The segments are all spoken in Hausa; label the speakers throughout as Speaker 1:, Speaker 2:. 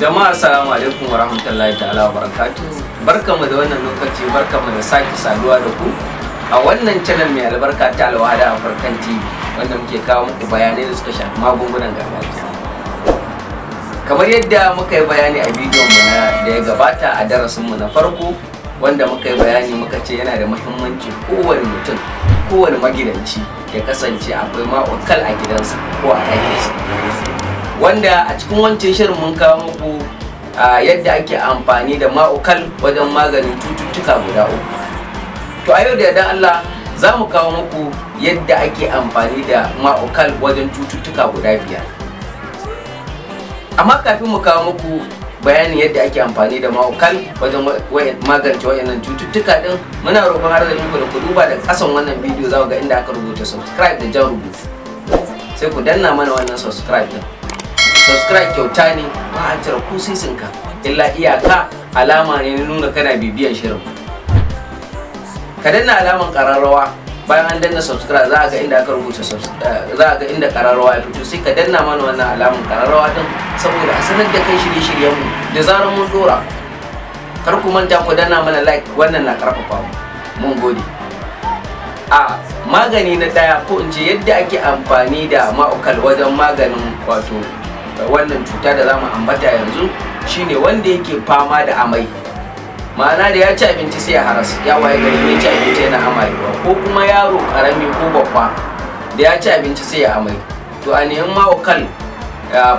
Speaker 1: jama'a salamu alaikum wa rahmatullahi ta'ala wa barakatu barkamu da wannan lokaci barkamu da sake saduwa da ku a wannan channel mai albarka ta alwada farkon tv wanda muke kawo muku bayanai da suka shafi magungunan gargajiya kamar yadda muka yi bayani a bidiyon mu na da ya gabata a darasin mu na farko wanda muka yi bayani muka ce yana da muhimmanci kowane mutum kowane magidanci ya kasance akwai ma'okal a gidansa ko a ɗakinsa wanda a cikin wancan shirin mun kawo muku yadda ake amfani da ma'ukal wajen maganin cututtuka guda uku to a yau da yardan Allah za mu kawo muku yadda ake amfani da ma'ukal wajen cututtuka guda biyar amma kafin mu kawo muku bayanin yadda ake amfani da ma'ukal wajen magance wayannan cututtuka din muna roƙon har da ku da ku duba da ƙasan wannan bidiyo za ku ga inda aka rubuta subscribe da jan rubutu sai ku danna mana wannan subscribe din subscribe kyauta ne ba a cire ko ka illa iyaka alama ne na nuna kana bibiyan shirin ka danna alaman kararrawa bayan an danna subscribe za a ga inda aka rubuta eh, za a ga inda kararrawa ya fito sai ka danna mana wannan alaman kararrawa din saboda a sanar da kai shirye-shiryen mu da zarar mun dora kar ku manta ku danna mana like wannan na karfafa mu mun gode a magani na daya ko in ce yadda ake amfani da ma'ukal wajen maganin wato wannan cuta da zamu ambata yanzu shine wanda yake fama da amai ma'ana da ya ci abinci sai ya haras ya waye gari ya ci abinci yana amayewa ko kuma yaro karami ko babba da ya ci abinci sai ya amai to a neman ma'aukal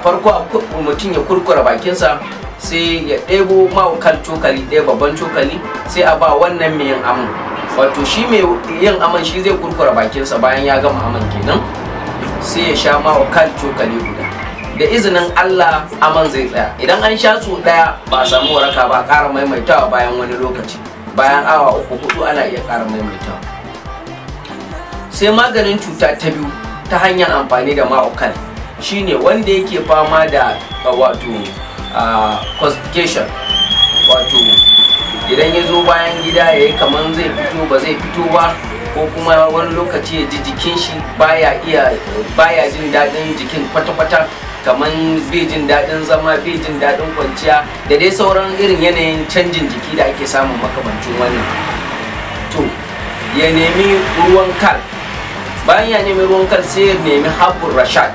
Speaker 1: farko a mutum ya kurkura bakinsa sai ya ɗebo ma'aukal cokali ɗaya babban cokali sai a ba wannan mai yin amin wato shi mai yin aman shi zai kurkura bakinsa bayan ya gama aman kenan sai ya sha ma'aukal cokali guda da izinin Allah aman zai tsaya idan an sha su daya ba a samu waraka ba kara maimaitawa bayan wani lokaci bayan awa uku hudu ana iya kara maimaitawa sai maganin cuta ta biyu ta hanyar amfani da ma'aukan shine wanda yake fama da wato constipation wato idan ya zo bayan gida ya yi kamar zai fito ba zai fito ba ko kuma wani lokaci ya ji jikin shi baya iya baya jin daɗin jikin kwata-kwata kamar bai jin daɗin zama bijin jin daɗin kwanciya da dai sauran irin yanayin canjin jiki da ake samun makamancin wannan to ya nemi ruwan kal bayan ya nemi ruwan kal sai ya nemi habbur rashad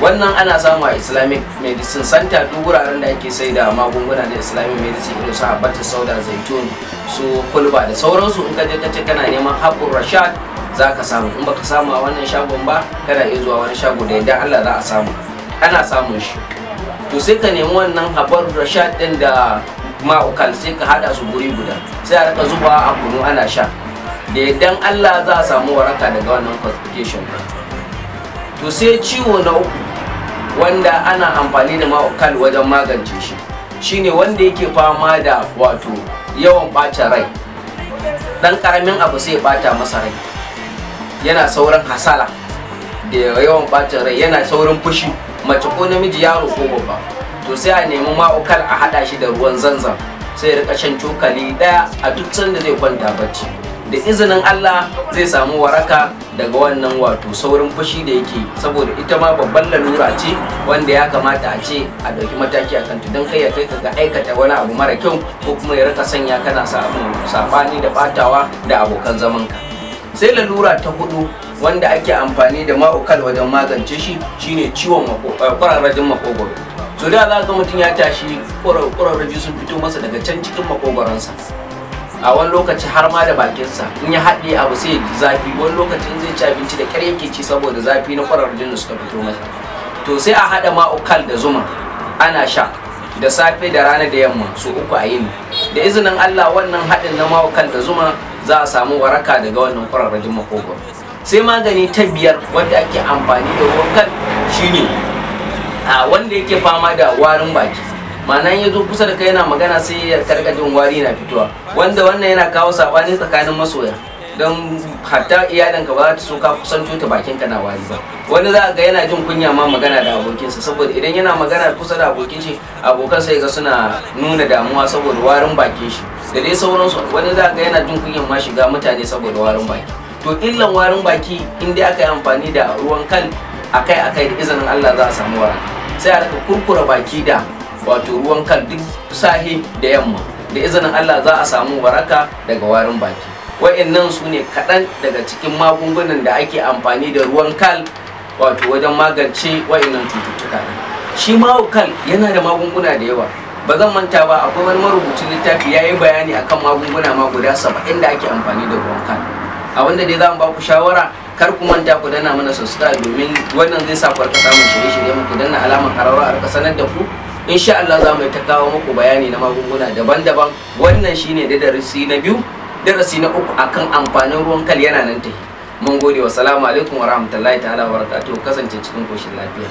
Speaker 1: wannan ana samu a islamic medicine center duk wuraren da ake sai da magunguna na islamic medicine irin su habbatus sauda zaitun su kulba da sauransu in ka je ka ce kana neman habbur rashad za ka samu in baka samu a wannan shagon ba kana iya zuwa wani shago da yadda allah za a samu ana samun shi to sai ka nemi wannan habar rashad din da ma'ukan sai ka haɗa su guri guda sai a rika zuba a kunu ana sha da idan Allah za a samu waraka daga wannan constipation to sai ciwo na uku wanda ana amfani da ma'ukal wajen magance shi shine wanda yake fama da wato yawan ɓacin rai dan karamin abu sai bata masa rai yana sauran hasala da yawan ɓacin rai yana saurin fushi mace ko namiji yaro ko babba to sai a nemi ma'aukar a haɗa shi da ruwan zanzan sai rika shan cokali ɗaya a duk sanda zai kwanta bacci da izinin Allah zai samu waraka daga wannan wato saurin fushi da yake saboda ita ma babban lalura ce wanda ya kamata a ce a ɗauki mataki a kanta don kai ya kai ka ga aikata wani abu mara kyau ko kuma ya rika sanya kana samun sabani da batawa da abokan zamanka. sai lalura ta hudu wanda ake amfani da ma'ukal wajen magance shi shine ciwon eh, kwararrajin makogwaro to da za ga mutum ya tashi kwararraji sun fito masa daga can cikin makogwaronsa a wani lokaci har ma da bakinsa in ya haɗe abu sai ya zafi wani lokacin zai ci abinci da kyar yake ci saboda zafi na kwararrajin da suka fito masa to sai a haɗa ma'ukal da zuma ana sha da safe da rana da yamma su uku a yini da izinin allah wannan haɗin na ma'ukal da zuma za a samu waraka daga wannan kwararrajin makogwaro sai magani ta biyar wanda ake amfani da wankan shine a wanda yake fama da warin baki ma'ana ya zo kusa da kai yana magana sai ya karka jin wari na fitowa wanda wannan yana kawo saɓani tsakanin masoya don hatta iyalinka ba ta so ka kusan tuta bakin ka na wari ba wani za ga yana jin kunya ma magana da abokinsa saboda idan yana magana kusa da abokin shi abokan sai ga suna nuna damuwa saboda warin bakin shi da dai sauransu wani za ga yana jin kunyan ma shiga mutane saboda warin baki to illan warin baki in dai aka yi amfani da ruwan kan akai akai da izinin Allah za a samu warin sai a kurkura baki da wato ruwan kan duk sahi da yamma da izinin Allah za a samu waraka daga warin baki wa'annan su ne kaɗan daga cikin magungunan da ake amfani da ruwan kal wato wajen magance wa'annan cututtuka shi ma kal yana da magunguna da yawa ba zan manta ba akwai wani marubucin littafi ya yi bayani akan magunguna ma guda saba'in da ake amfani da ruwan kal a wanda dai za mu ba ku shawara kar ku manta ku danna mana subscribe domin wannan zai sa ku rika samun shirye-shirye muku danna alamar kararwa a rika sanar da ku insha Allah za mu ta kawo muku bayani na magunguna daban-daban wannan shine da darasi na biyu darasi na uku akan amfanin ruwan kal yana nan tahi mun gode wa salamu alaikum wa rahmatullahi ta'ala wa barakatuhu kasance cikin koshin lafiya